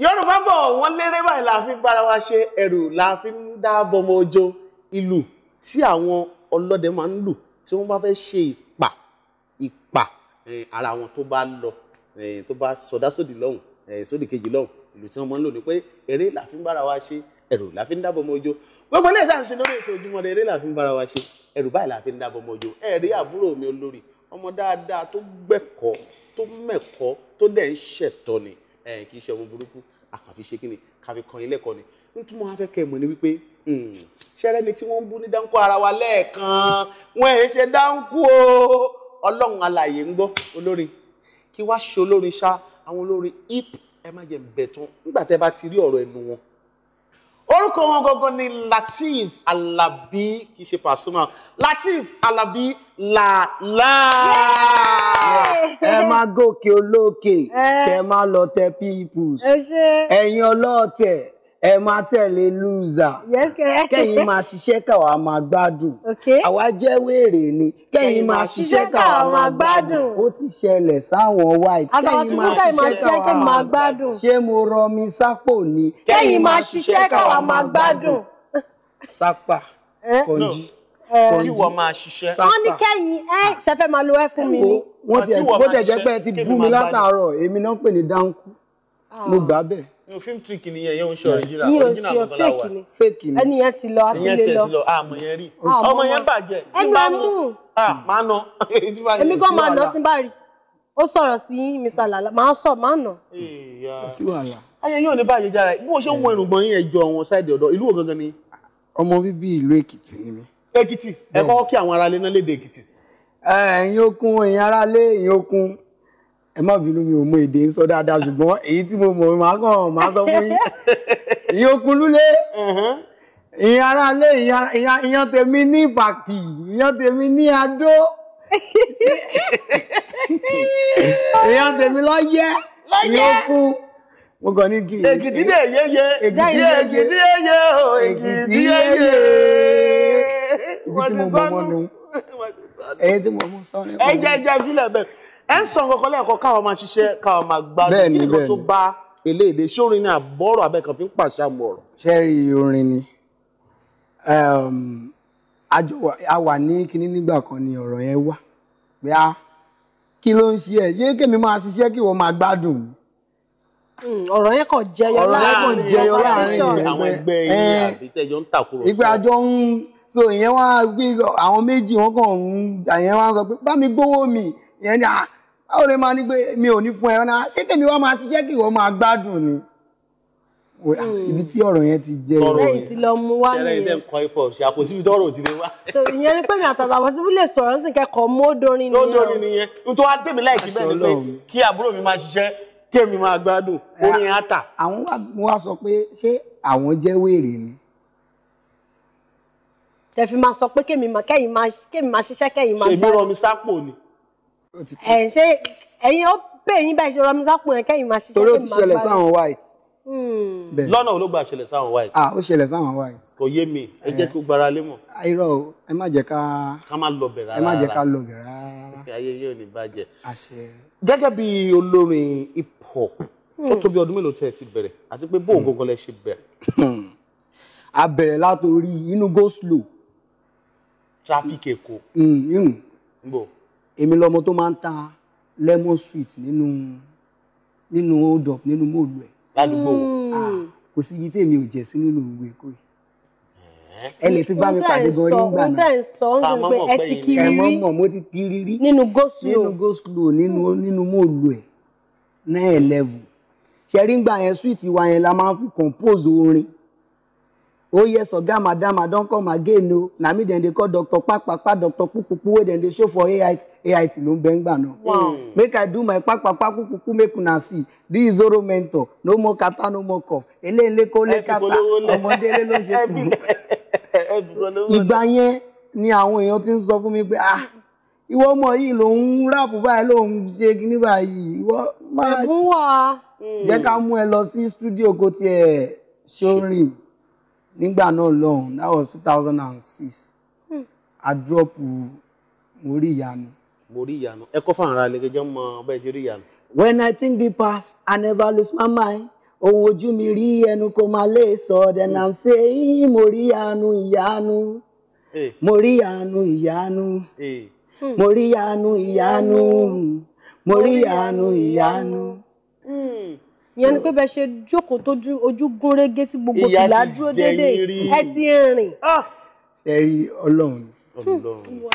yorùbá bọ̀ wọ́n léré báyìí la fi bára wa ṣe ẹrù la fi ń dáàbò ọmọ ọjọ́ ìlù tí àwọn ọlọ́dẹ máa ń lù tí wọ́n bá fẹ́ ṣe ìpà ìpà ara wọn tó bá lọ tó bá sọdá sódì lọ́hùn sódì kejì lọ́hùn ìlù tí wọ́n máa ń lò ní pé eré la fi ń bára wa ṣe ẹrù la fi ń dáàbò ọmọ ọjọ́ gbogbo ilé ìta ṣe lórí ètò Ojúmọ́ Ire eré la fi ń bára wa ṣe ẹrù báyìí la fi ń dáàbò ọmọ ọjọ́ ẹ̀rí àbúrò mi ẹ eh, kì í ṣe ọmọ burúkú àfàfi ṣe kíni káfi kọrin lẹ́kọ̀ọ́ ni nítorí mo fẹ́ kẹ́ ẹ mọ̀ ni wípé hmm, ṣẹ́rẹ́ ni tí wọ́n ń bú ní dáńkó ara wa lẹ́ẹ̀kan wọ́n ẹ̀ ṣe dáńkó o ọlọ́run alàyè ń gbọ́ olórin kí wá ṣe olórin ṣá àwọn olórin hip ẹ má jẹ́ ń nígbà tẹ́ bá ti rí ọ̀rọ̀ ẹnu wọn orúkọ wọn gangan ni latif Alabi kì í ṣe Pasuma latif Alabi làlá ẹ máa gòkè olókè kẹ máa lọ tẹ pípùs ẹ̀yin ọlọ́tẹ̀ ẹ máa tẹ̀lé loser kẹ́yìn máa ṣiṣẹ́ káwa máa gbádùn àwa jẹ́ wèrè ni kẹ́yìn máa ṣiṣẹ́ káwa máa gbádùn ó ti ṣẹlẹ̀ sáwọn white kẹ́yìn máa ṣiṣẹ́ káwa máa gbádùn ṣé mo rọmi sápò ni kẹ́yìn máa ṣiṣẹ́ káwa máa gbádùn. sápà eh? kọjí eh, kí wọ́n máa ní kẹ́yìn ẹ eh, ah. ṣẹfẹ́ máa lo ẹ fún mi ni. wọ́n ti bó tẹ̀ jẹ́ pé ẹ ti bú mi látàárọ̀ èmi náà pè ní dáńkú mo ah. gbà bẹ́ẹ̀ no film trick ni yẹn yẹn ń ṣe original original gbọ́dọ̀ la wà fake ni ẹni yẹn ti lọ àti lè lọ ìyẹn ti lọ àmọ́ yẹn rí ọmọ yẹn bàjẹ́ tí bá mú ah máa nà tí bá yẹn sí wàhálà èmi gan máa nà tí bá rí ó sọ̀rọ̀ sí Mr Lala máa sọ máa nà. sí wàhálà. ayé yóò ní bàjẹ́ jára bí mo ṣe ń wọ irùngbọ̀n yín ẹjọ́ wọn ṣáìdì ọ̀dọ́ ìlú wo gangan ni. ọmọ bíbí ìlú Èkìtì ni mí. Èkìtì ẹ kọ́kọ́ kí àwọn aráalé náà léde Èkìtì. ẹ̀yin okun ẹ̀yin aráalé ẹ̀yin okun ẹ má bínú mi ò mọ èdè sọ dáadáa ṣùgbọ́n èyí tí mo mọ̀ máa kàn máa sọ fún yín ìyẹn okunlúlé uh-huh. ìyẹn aráalé ìyẹn tèmi ní ìbàkì ìyẹn tèmi ní adó ìyẹn tèmi lọ́yẹ́ ìyẹn okun mo kàn ní kí. èkìtì dè yéye èkìtì yéye o èkìtì yéye ibi tí mo mọ̀ mọ́ nu ẹ̀yìn tí mo mọ̀ sọ́ọ́ nípa ẹ jẹ́ ẹ jẹ́ fílẹ̀ bẹ́ẹ̀ ẹ ń sọ nǹkan lẹ́ẹ̀kan káwọn máa ṣiṣẹ́ káwọn máa gbádùn kí nìkan tó bá eléèdè ṣórin ní àbọ̀rọ̀ abẹ́kan fi ń pàṣà mọ̀rọ̀. ṣẹ́rí orin ni a wà ní kinní nígbà kan ni ọ̀rọ̀ yẹn wá pé a kí ló ń ṣe ẹ yé kémi máa ṣiṣẹ́ kí wọ́n máa gbádùn hmm, ọ̀rọ̀ yẹn kàn jẹyọ láàrin jẹyọ láàrin ẹgbẹ́ yìí àbí tẹ́jọ ń tàkùrọ̀ sọ. àjọ ń so ìyẹn wá gbé àwọn méjì wọn kàn ń báwo ni máa ní pé mi ò ní fún ẹ ọ̀nà ṣé kèmi wá máa ṣiṣẹ́ kí ìwọ máa gbádùn ni ah, hmm. ibi tí ọ̀rọ̀ yẹn ti jẹ́ ọ̀rọ̀ yẹn ti lọ mú wá nìyẹn ṣẹlẹ̀ ìdẹ́ nǹkan ipò ṣe àpòsíbi tọ́rọ̀ ti lè wá. so ìyẹn ni pé mi àtàtà àwọn tí wọ́n lè sọ̀rọ̀ sí kẹ́kọ̀ọ́ mọ́dọ́rin nìyẹn. lọ́dọ̀rin nìyẹn nítorí wá tèmi láì kí bẹ́ẹ̀ ni pé kí àbúrò mi máa ṣiṣẹ́ kémi máa gbádùn orin eh, ata. àwọn wa sọ pé ṣé àwọn ni tẹ̀fí máa sọ pé kémi máa ṣiṣẹ́ kémi máa ṣèmi rọ ẹ ṣe ẹ̀yin ó bẹ yín bá ìṣòro ọmọ sápò yẹn kẹ́yìn máa ṣiṣẹ́ torí ó ti ṣẹlẹ̀ sáwọn white. Hmm. lọ́nà ló gba ṣẹlẹ̀ sáwọn white. ah ó ṣẹlẹ̀ sáwọn white. kò yé mi ẹ jẹ́ kó gbára lé mọ̀. Ah, irọ́ o ẹ má jẹ́ ká ká má lọ bẹ̀ rárá ẹ má jẹ́ ká lọ bẹ̀ rárá. ayé yóò ní bàjẹ́. àṣẹ. gẹ́gẹ́ bí olórin hip hop ó hmm. tó bí ọdún mélòó tẹ́ ẹ ti bẹ̀rẹ̀ àti pé bóun hmm. gangan lẹ ṣe bẹ̀rẹ̀. a bẹ̀rẹ̀ látòrí inú go slow. traffic Èkó èmi lọmọ tó máa ń ta lemon sweet nínú nínú hold up nínú mọ́ọ̀lù ẹ̀. ládùúgbò wo. Ah, kò sí ibi tí èmi ò jẹ́ sí nínú ìwé èkó yìí eh? ẹni tí bá mi pàdé gan rí gbà náà ẹ sọ ń sọ pé ẹ ti kiri rí ẹ mọ mọ mo ti kiri rí nínú goslow nínú goslow nínú nínú mòlù ẹ nine eleven ṣe rí gbà yẹn súwìtì wa yẹn la máa ń fi compose orin oh yes oga madam i don come again o na me dem dey call doctor papapa doctor pupupu wey dem dey show for ait ait ló ń bẹ ń gbà náà hmm. make i do my papapa pupupu make una see this is zoro mentor no more kata no more cough eléyìnlé kó lé kata ọmọdé lé ló ṣe kù ìgbà yẹn ni àwọn èèyàn ti ń sọ fún mi pé ah ìwọ ọmọ yìí ló ń ráàpù báyìí ló ń ṣe kíní báyìí ìwọ máa jẹ́ ká hmm. mú ẹ lọ sí stúdíò kó tiẹ̀ ṣorin nígbà náà lọ́hùn that was two thousand and six hmm. a drop mo rí ìyanu. mo rí ìyanu ẹ kọ́ fáwọn ará ilé jẹ́ mọ bẹ́ẹ̀ ṣe ìyanu. when i think the past i never lose my mind òun ojú mi rí ẹnu kó máa lè sọ then i'm saying mo rí ìyanu ìyanu mo rí ìyanu ìyanu mo ìyanu ìyanu hmm. mo ìyanu ìyanu ìyẹn ni pé bẹ ṣe jókòó tójú ojú gún régé tí gbogbo fìlà dúró déédéé ẹ ti rìn. ṣe ah! rí Ọlọ́run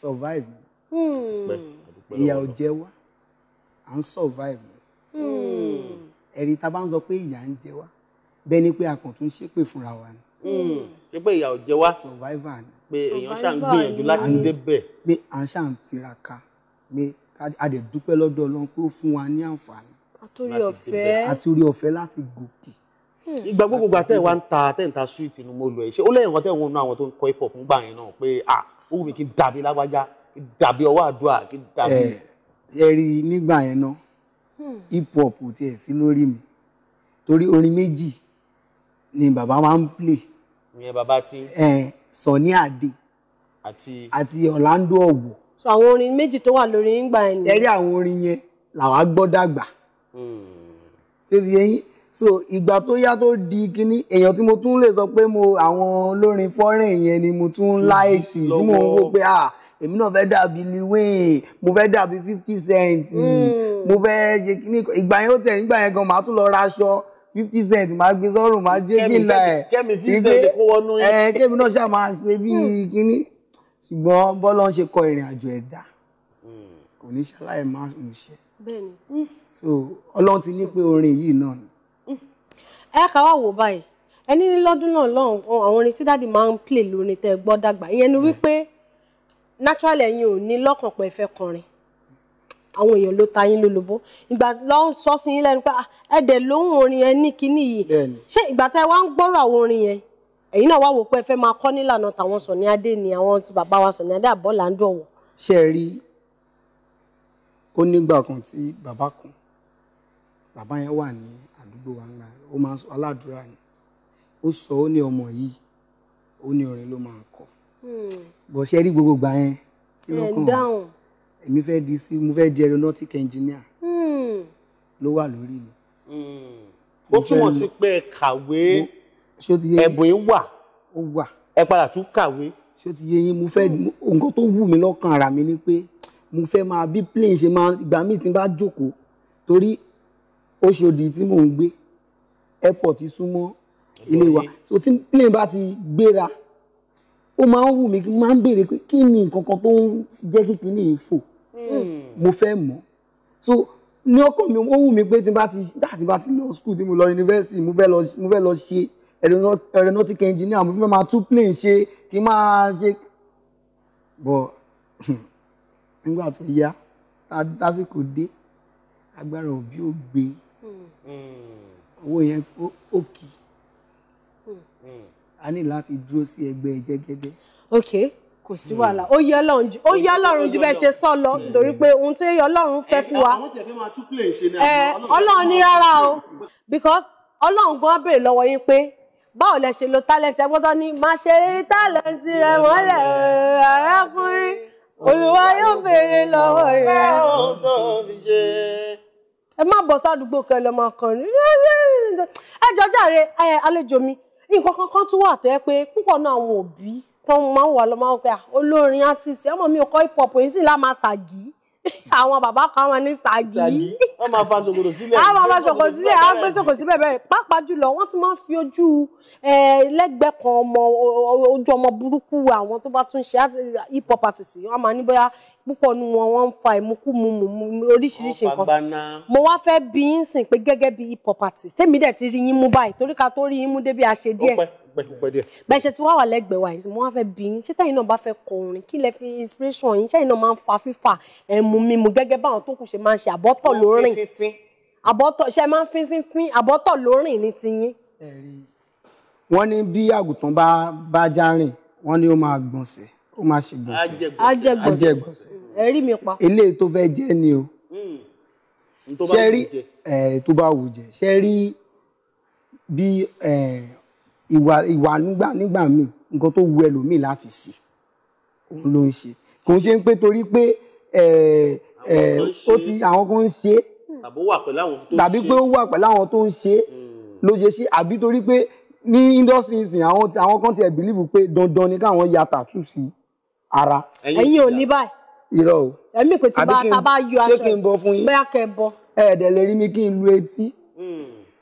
survive hmm. ìyà ò jẹ wá à ń survive hmm. ẹ̀rí tá a bá ń sọ pé ìyà ń jẹ wá bẹ́ẹ̀ ni pé àkàn tún ṣépè fúnra wa ni. Hmm. ṣé pé ìyà ò jẹ wá survivor ni. pé èèyàn ṣáà ń gbìyànjú láti débẹ̀. pé à ń ṣáà ń tiraka pé a dẹ̀ dúpẹ́ lọ́dọ̀ Ọlọ́run pé ó fún wa ní àǹfààní àtòrí ọ̀fẹ́ àti orí ọ̀fẹ́ láti gòkè. Hmm. ìgbà gbogbo gba tẹ́ ẹ̀ wá ń ta tẹ́ ẹ̀ ń ta súwìtì inú mo lọ ẹ̀ ṣé ó lẹ́yìn kan tẹ́ ẹ̀ wọ́n nú àwọn tó ń kọ́ hip hop ńgbà yẹn náà pé à ó wù mí kí n dàbí lágbájá kí n dàbí ọwọ́ àdúrà kí n dàbí. ẹ ẹ rí i nígbà yẹn náà hmm. hip hop ò tiẹ̀ sí lórí mi torí orin méjì ni bàbá máa ń play. ìyẹn bàbá tí. Sọ̀ní Àdé àti Ọ̀làǹdó Ọ̀wọ̀. so àwọn orin méjì tó wà lórí nígbà yẹn. ẹ rí àwọn orin yẹn làwa gbọ́ ṣé ti yẹn so ìgbà tó yá tó di kíní èèyàn tí mo tún lè sọ pé mo àwọn olórin fọ́rìn yẹn ni mo tún láìkì tí mo ń wò pé ah èmi náà fẹ́ dàbí liwin mo fẹ́ dàbí fifty cent hmm. mo fẹ́ ṣe kíní ìgbà yẹn ó tẹ̀ nígbà yẹn gan màá tún lọ raṣọ fifty cent máa gbé sọ́rùn máa jẹ́ kí n la ẹ̀ ìgbé ẹ̀ kémi náà ṣáà máa ṣe bíi hmm. kíní ṣùgbọ́n bọ́lá ń ṣe kọ ìrìn àjò ẹ̀dá hmm. kò ní ṣaláì máa ṣe bẹ́ẹ̀ni. so ọlọ́run ti ní pé orin yìí náà ni. ẹ ká wá wò báyìí ẹni ní lọ́dún náà lọ́hùn àwọn orin tí dáàdì máa ń play lórin tẹ́ gbọ́ dàgbà ìyẹn ni wípé natural ẹ̀yin ò ní lọ́kàn pé fẹ́ kọrin àwọn èèyàn ló ta yín lólobó ìgbà lọ́hùn sọ sí yín lẹ́nu pé ẹ̀dẹ̀ lóhùn orin yẹn ní kínní yìí ṣé ìgbà tẹ́ wá ń gbọ́rọ̀ àwọn orin yẹn ẹ̀yin náà wá wò pé ẹ fẹ́ máa kọ́ nílànà tàwọn Sunny Adé ni àwọn ti bàbá wa Sunny Adé Àbọ́làńdọ̀wọ̀. ṣe rí ó nígbà kan tí bàbá kan bàbá yẹn wà ní àdúgbò wa ńlá ó máa ń sọ aládùúrà ni ó sọ ó ní ọmọ yìí ó ní orin ló máa kọ hmm. bó ṣe rí gbogbo gbà yẹn lọ́kàn wa èmi fẹ́ di sí mo fẹ́ di aeronautic engineer hmm. ló wà lórí mi. Hmm. ó túmọ̀ sí pé ẹ kàwé ẹ̀bùn yín wà ẹ padà tún kàwé. ṣé ó ti yé yín mo fẹ́ nǹkan tó wù mí lọ́kàn ara mi ni pé mo fẹ́ máa bí plane ṣe máa ìgbà míì tí n bá jókòó torí Òṣòdì tí mò ń gbé airport súnmọ́ ilé wa so tí plane bá ti gbéra ó máa ń wù mí máa ń béèrè pé kí ni nǹkan kan tó ń jẹ́ kí kinní yìí fò hmm. mo fẹ́ mọ̀ so ní ọkàn mi ó wù mí pé tí n bá ti láti bá ti lọ school tí mo lọ university mo fẹ́ lọ mo fẹ́ lọ ṣe aeronautic engineer mo fẹ́ máa tún plane ṣe kí n máa ṣe hmm, nígbà tó yá tásìkò dé agbára òbí ò gbé hmm. owó yẹn ó kì hmm. a ní láti dúró sí ẹgbẹ́ jẹ́gẹ́dẹ́. ok kò sí wàhálà ó yẹ Ọlọ́run ó yẹ Ọlọ́run ju bẹ́ẹ̀ ṣe sọ lọ nítorí pé ohun tó yẹ Ọlọ́run fẹ́ fún wa eh, eh, eh, Ọlọ́run ní rárá o because Ọlọ́run gan béèrè lọ́wọ́ yín pé báwo lẹ ṣe lo talent ẹ gbọ́dọ̀ ní má ṣe talent rẹ mọ́lẹ̀ arákùnrin olúwa yóò béèrè lọ́wọ́ rẹ̀. ẹ má bọ̀ sádùúgbò kan lọ́mọ ọkùnrin ẹ jọ jàre àlejò mi nǹkan kankan tún wà tó yẹ pé púpọ̀ náà àwọn òbí tó máa ń wà lọ́mọ ọkùnrin ah, olórin artiste ọmọ mi ò kọ́ hip hop èyí sì lá máa ṣàgì àwọn bàbá kan wọn ní ṣáàgì wọn máa fa ṣòkòtò sílẹ̀ àwọn máa fa ṣòkòtò sílẹ̀ àwọn gbé ṣòkòtò sílẹ̀ bẹ́ẹ̀ pàápàá jùlọ wọ́n tún máa ń fi ojú lẹ́gbẹ̀ẹ́ kan ọmọ ojú ọmọ burúkú àwọn tó bá tún ṣe hip hop artist wọ́n máa ní bóyá púpọ̀ nu wọn wọ́n ń fa ìmukúmu oríṣiríṣi nǹkan mo wá fẹ́ bí yín sìn pé gẹ́gẹ́ bí hip hop artist tèmi dẹ̀ ti rí yín mú báyìí torí ká tó rí yín mú débi àṣe díẹ̀ pẹ́kúpẹ́ díẹ̀. bẹ́ẹ̀ ṣe tí wọ́n wà lẹ́gbẹ̀ẹ́ wa yìí mo wá fẹ́ bí yín ṣé tẹ̀yin náà bá fẹ́ kọ orin kí lẹ fi inspiration yín ṣẹ́yìn náà máa ń fa fífà ẹ̀mú mímu gẹ́gẹ́ báwọn tó kù ṣe máa ń ṣe àbọ́tọ̀ lórìn àbọ́tọ̀ ṣe máa ń fínfín fín àbọ́tọ̀ lórìn ní tiyín. wọ́n ní bí àgùntàn bá bá já rìn wọ́n ní ó máa gbọ̀nsẹ̀ ó máa ṣe gbọ̀nsẹ̀ ajẹ́gbọ̀nsẹ̀ ẹ̀rí mi pa. o hmm. ṣe rí tó bá wù jẹ ṣe rí ìwà ìwà nígbà nígbà míì nǹkan tó wu ẹlòmíì láti ṣe òun ló ń ṣe kò ń ṣe ń pé torí pé ó ti àwọn kan ń ṣe tàbí pé ó wà pẹ̀lú àwọn tó ń ṣe hmm. ló ṣe ṣe àbí torí pé ní industry ìsìn àwọn àwọn kan tiẹ̀ bìlíìfù pé dandan ni káwọn ya tàtú sí ara. ẹ̀yin ò ní báyìí. irọ́ o. ẹ̀mí kò ti bá a ta bá yọ aṣọ yìí bóyá kẹ́ ẹ bọ́. ẹ̀ẹ́dẹ̀ lè rí mi kí n lu etí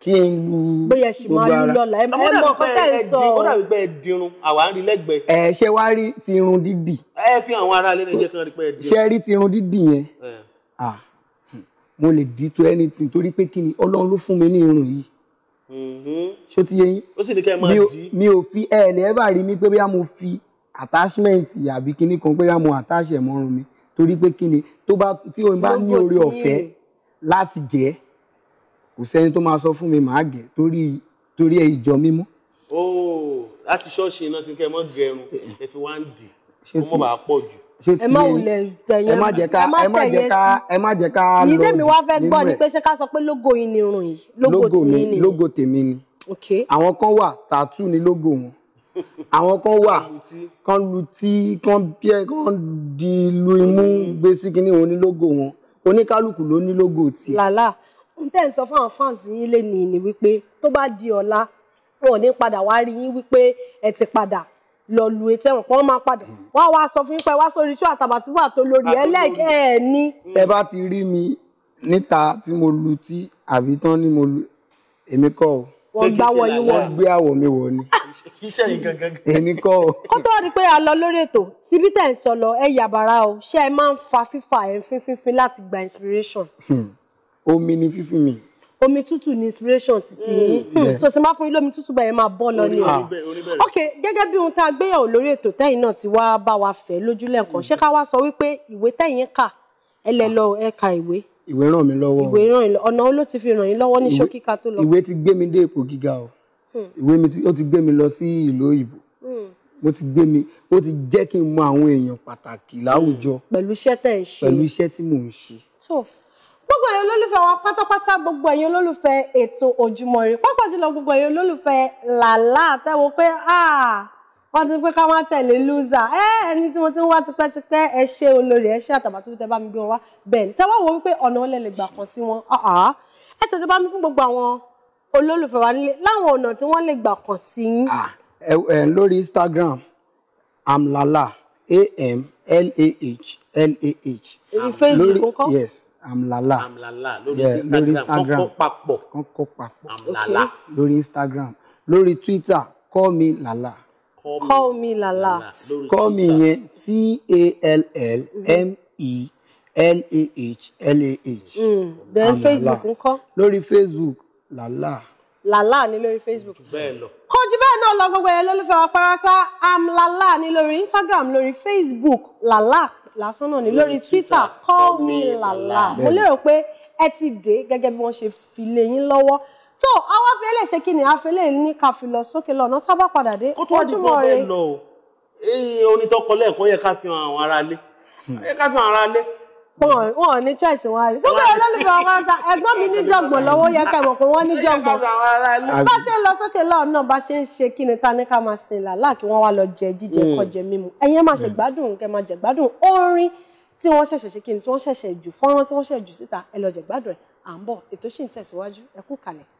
kí n lu gbogbo ara ẹ mọ kọtẹ sọ ó dàbí pé ẹ dirun àwa ń rí lẹ́gbẹ̀ẹ́. ẹ ṣe wá rí ti irun dídì. ẹ fi àwọn ará lẹ́nu jẹ́ kí wọ́n rí pé ẹ dirun. ṣe rí ti irun dídì yẹn mo lè di to anything torí pé kí ni ọlọ́run ló fún mi ní irun yìí mm-hmm. ṣó ti yẹ yín ó sì ní kẹ́ ẹ máa dì mi ò fi ẹ ẹ lẹ́ẹ̀ bá rí mi pé bóyá mo fi attachment àbí kíní kan pé bóyá mo attach ẹ̀ mọ́rùn mi torí pé kí ni tó bá tí o bá ní oore ọ̀fẹ́ láti jẹ́ kò sẹ́ni tó máa sọ fún mi màá gẹ̀ torí torí ẹ ìjọ mímọ́. ó láti ṣọ́ọ̀ṣì iná ti kẹ́ ẹ mọ́ gẹrun eh, eh. ẹ fi wá ń dì kó mọ̀ bá pọ̀ jù. ẹ má wulẹ̀ tẹ̀yẹ ẹ má jẹ́ ká ẹ má jẹ́ ká ẹ má jẹ́ ká lọ nínú ẹ. ìdí mi wá fẹ́ gbọ́ ni pé ṣé ká sọ pé lógo yìí ni irun yìí lógo tèmi ni lógo tèmi ni àwọn kan wà tàtú ni lógo wọn àwọn kan wà kan lu tí kan bíẹ kan di lu imú mm. gbé sí kinní òun lógo wọn oníkálukú ló ní lógo tiẹ̀. làlá n tẹ́ ń sọ fún àwọn fans yín lé ní ni wípé tó bá di ọ̀la wọn ò ní padà wá rí yín wípé ẹ ti padà lọ lu etí ẹ̀wọ̀n pọ́n máa padà hmm. wá wá sọ fún yín pé wá sórí iṣẹ́ àtàbàtúbà tó lórí ẹlẹ́ẹ̀kẹ́ ẹ̀ ní. ẹ bá ti rí mi níta tí mo lu tí àbí tán ni mo lu èmi kọ́ o wọ́n gbá wọ yín wọ́n gbé àwọ̀ mi wọ̀ ni. iṣẹ́ yìí gangan. èmi kọ́ o. kó tó di pé a lọ lórí ètò tí bí tẹ̀ ń sọ lọ ẹ yàbàrá o ṣé ẹ máa ń fa fífa ẹ̀ fínfínfín láti gba inspiration. Hmm omi ni fífún mi. omi tútù ni inspiration títí mm. so ti máa fún yín lómi tútù báyẹn máa bọ́ lọ ni o ah. ok gẹ́gẹ́ bí ohun tá a gbéyàwó lórí ètò tẹ́yìn náà ti wá bá wa fẹ́ lójúlẹ̀ kan ṣé ká wá sọ wípé ìwé tẹ́yìn kà ẹ lẹ lọ ẹ ka ìwé. ìwé ràn mí lọ́wọ́ ìwé ràn yín ọ̀nà ó ló ti fi ràn yín lọ́wọ́ ní ṣókí ká tó lọ. ìwé ti gbé mi dé ipò gíga o hmm. ìwé mi ó ti gbé mi lọ sí ìlú òyìnbó mo hmm. ti gbé mi ó ti jẹ́ kí n mọ àwọn èèyàn pàtàkì láwùjọ hmm. pẹ̀lú iṣẹ́ tẹ̀ ń ṣe pẹ̀lú iṣẹ́ tí mò ń ṣe gbogbo ẹ̀yin olólùfẹ́ wa pátápátá gbogbo ẹ̀yin olólùfẹ́ ètò Ojúmọ́ Ire pàápàá jùlọ gbogbo ẹ̀yin olólùfẹ́ làlá àtẹ́wọ́ pé ah, wọ́n ti pé ká wá tẹ̀lé lúzà ẹni tí mo ti ń wá tipẹ́tipẹ́ ẹ ṣe olórí ẹ ṣe àtàbà tó tẹ bá mi gbé wọn wá bẹ́ẹ̀ ni tẹ́wọ́ wo wípé ọ̀nà wọn lẹ́lẹ̀ gbà kan sí wọn ah, ah, ẹ tètè bá mi fún gbogbo àwọn olólùfẹ́ wa nílé láwọn ọ̀nà tí wọ́n lè gbà kan sí lórí Instagram amlala am L L A A H lah lah lórí yes amlala lórí instagram kan kó papọ̀ Lala. lórí instagram lórí twitter call me lala. call me lala call me yẹn c a l l m e l a h l a h. then facebook ńkọ́. lórí facebook lala. Mm làlá ni lórí facebook. bẹ́ẹ̀ lọ. kò jù bẹ́ẹ̀ náà lọ gbogbo ẹ̀ lólùfẹ́ wa am làlá ni lórí instagram lórí facebook làlá lásán náà ni lórí twitter call me làlá mo lérò pé ẹ ti dé gẹ́gẹ́ bí wọ́n ṣe fi lé yín lọ́wọ́ tó àwọn afẹ́lẹ́ ṣe kí ni afẹ́lẹ́ ní ká fi lọ sókè lọ́nà tá bá padà dé ojúmọ́ rẹ. kó tó wá wọn ò ní choice wọn rí gbogbo olólùfẹ́ ọmọ ọ̀tá ẹ̀gbọ́n mi ní jọ̀gbọ̀n lọ́wọ́ yẹ ká ìmọ̀ pé wọ́n ní jọ̀gbọ̀n bá ṣe ń lọ sókè lọ́ọ̀ náà bá ṣe ń ṣe kí ni ta ní ká máa sin làlá kí wọ́n wá lọ jẹ jíjẹ mm. kọjẹ mímu ẹ̀yin máa ṣe gbádùn kẹ́ máa jẹ gbádùn orin tí wọ́n ṣẹ̀ṣẹ̀ ṣe kí ni tí wọ́n ṣẹ̀ṣẹ̀ jù fọ́nrán tí wọ́n ṣẹ̀ jù síta ẹ lọ jẹ gbádùn ẹ̀ à ń bọ̀ ètò ṣì ń tẹ̀síwájú ẹ kú kalẹ̀.